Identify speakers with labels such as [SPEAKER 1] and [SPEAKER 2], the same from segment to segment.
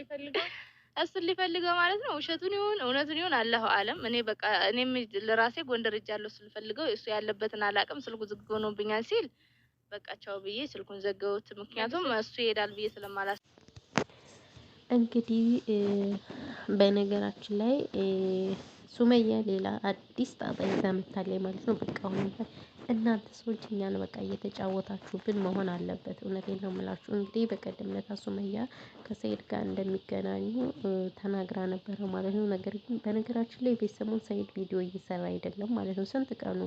[SPEAKER 1] ሊፈልገው እሱን ሊፈልገው ማለት ነው። ውሸቱን ይሁን እውነቱን ይሁን አላሁ አለም። እኔ በቃ እኔም ለራሴ ጎንደር እጃለሁ ስልፈልገው እሱ ያለበትን አላቅም። ስልኩ ዝግ ሆኖብኛል ሲል በቃ ቻው ብዬ ስልኩን ዘገውት። ምክንያቱም እሱ ይሄዳል ብዬ ስለማላስ
[SPEAKER 2] እንግዲህ በነገራችን ላይ ሱመያ ሌላ አዲስ ጣጣ ይዛ መታለች ማለት ነው። በቃ አሁን እናንተ ሰዎች እኛን በቃ እየተጫወታችሁብን መሆን አለበት። እውነቴን ነው የምላችሁ። እንግዲህ በቀደም ዕለት ሱመያ ከሰይድ ጋር እንደሚገናኙ ተናግራ ነበረ ማለት ነው። ነገር ግን በነገራችን ላይ ቤተሰቡን ሰይድ ቪዲዮ እየሰራ አይደለም ማለት ነው። ስንት ቀኑ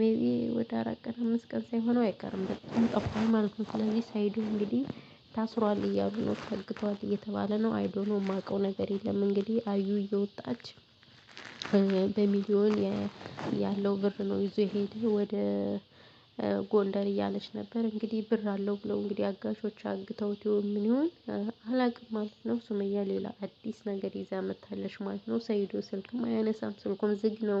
[SPEAKER 2] ሜቢ ወደ አራት ቀን አምስት ቀን ሳይሆነው አይቀርም በጣም ጠፍቷል ማለት ነው። ስለዚህ ሳይዱ እንግዲህ ታስሯል እያሉ ነው፣ ታግቷል እየተባለ ነው። አይዶኖ የማውቀው ነገር የለም። እንግዲህ አዩ እየወጣች በሚሊዮን ያለው ብር ነው ይዞ የሄደ ወደ ጎንደር እያለች ነበር እንግዲህ ብር አለው ብለው እንግዲህ አጋሾች አግተውት ይሆን ምን ይሆን አላውቅም ማለት ነው። ሱመያ ሌላ አዲስ ነገር ይዛ መታለች ማለት ነው። ሰይዶ ስልክም አያነሳም ስልኩም ዝግ ነው።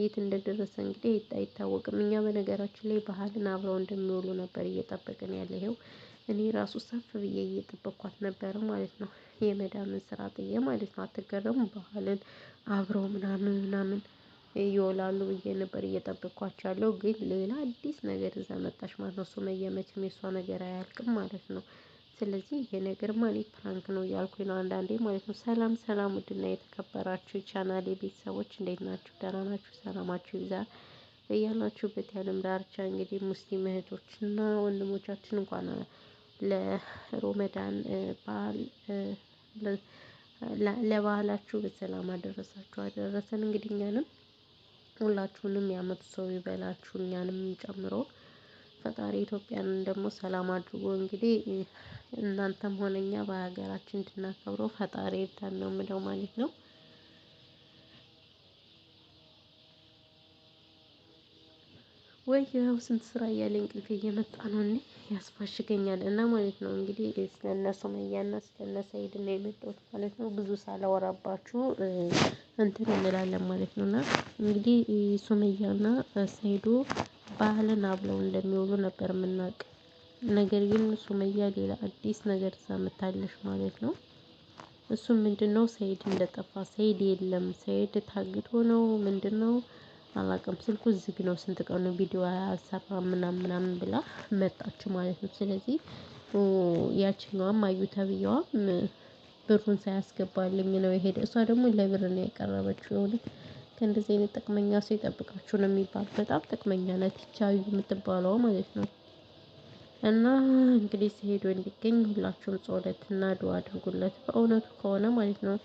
[SPEAKER 2] የት እንደደረሰ እንግዲህ አይታወቅም። እኛ በነገራችን ላይ ባህልን አብረው እንደሚውሉ ነበር እየጠበቅን ያለ ይኸው እኔ ራሱ ሰፍ ብዬ እየጠበኳት ነበረ ማለት ነው። የመዳምን ስራ ጥዬ ማለት ነው። አትገረሙ ባህልን አብረው ምናምን ምናምን ይወላሉ ብዬ ነበር እየጠበኳቸው ያለው ግን ሌላ አዲስ ነገር እዛ መጣች ማለት ነው። ሱመያ መቼም የሷ ነገር አያልቅም ማለት ነው። ስለዚህ ይሄ ነገር ማለት ፕራንክ ነው እያልኩ ነው አንዳንዴ ማለት ነው። ሰላም ሰላም፣ ውድና የተከበራችሁ ቻናሌ ቤተሰቦች እንዴት ናችሁ? ደህና ናችሁ? ሰላማችሁ ይብዛ እያላችሁበት ያለም ዳርቻ እንግዲህ ሙስሊም እህቶችና ወንድሞቻችን እንኳን ለሮመዳን በዓል ለባህላችሁ በሰላም አደረሳችሁ አደረሰን። እንግዲህ እኛንም ሁላችሁንም የዓመቱ ሰው ይበላችሁ እኛንም ጨምሮ ፈጣሪ ኢትዮጵያንን ደግሞ ሰላም አድርጎ እንግዲህ እናንተም ሆነኛ በሀገራችን እንድናከብረው ፈጣሪ እርዳን ነው የምለው ማለት ነው። ወይ ይኸው ስንት ስራ እያለ እንቅልፍ እየመጣ ነው እንዴ ያስፋሽገኛል። እና ማለት ነው እንግዲህ ስለነ ሱመያና ስለነ ሰይድ ነው የመጣሁት ማለት ነው። ብዙ ሳላወራባችሁ እንትን እንላለን ማለት ነው እና እንግዲህ ሱመያና ሰይዱ ባህልን አብለው እንደሚውሉ ነበር የምናውቅ። ነገር ግን ሱመያ ሌላ አዲስ ነገር ሰምታለች ማለት ነው። እሱም ምንድነው ሰይድ እንደጠፋ ሰይድ የለም ሰይድ ታግቶ ነው ምንድነው አላቅም ስልኩ ዝግ ነው ስንት ቀን ነው ቪዲዮ አያሰራ ምናምን ምናምን ብላ መጣች ማለት ነው። ስለዚህ ያችኛዋም አዩ ተብዬዋም ብሩን ሳያስገባልኝ ነው የሄደ። እሷ ደግሞ ለብር ነው የቀረበችው። የእውነት ከእንደዚህ አይነት ጥቅመኛ ሰው ይጠብቃችሁ ነው የሚባል። በጣም ጥቅመኛ ናት ይቺ የምትባለው የምትባለዋ ማለት ነው። እና እንግዲህ ሲሄዱ እንዲገኝ ሁላችሁም ጸሎት እና ዱዓ አድርጉለት። በእውነቱ ከሆነ ማለት ነው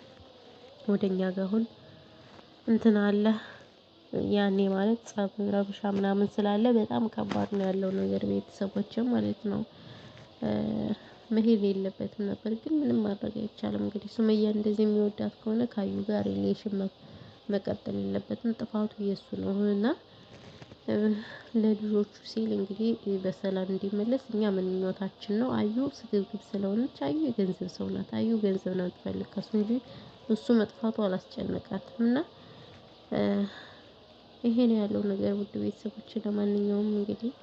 [SPEAKER 2] ወደኛ ጋር አሁን እንትን አለ ያኔ ማለት ፀብ ረብሻ ምናምን ስላለ በጣም ከባድ ነው ያለው ነገር ቤተሰቦችም ማለት ነው። መሄድ የለበትም ነበር ግን ምንም ማድረግ አይቻልም እንግዲህ ሱመያ እንደዚህ የሚወዳት ከሆነ ካዩ ጋር ሪሌሽን መቀጠል የለበትም ጥፋቱ የእሱ ነው። እና ለልጆቹ ሲል እንግዲህ በሰላም እንዲመለስ እኛ ምኞታችን ነው። አዩ ስግብግብ ስለሆነች አዩ የገንዘብ ሰው ናት አዩ ገንዘብ ነው የምትፈልግ ከሱ እንጂ እሱ መጥፋቱ አላስጨነቃትም። እና ይሄ ነው ያለው ነገር ውድ ቤተሰቦች። ለማንኛውም እንግዲህ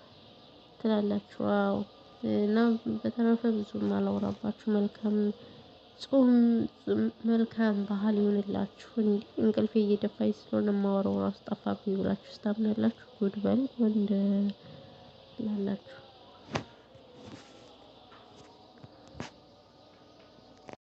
[SPEAKER 2] ትላላችሁ አዎ። እና በተረፈ ብዙም አላወራባችሁ። መልካም ጾም፣ መልካም ባህል ይሁንላችሁ። እንቅልፌ እየደፋኝ ስለሆነ ማወራው ራሱ ጠፋብኝ ብላችሁ ስታምናላችሁ ጉድ በል ወንድ ላላችሁ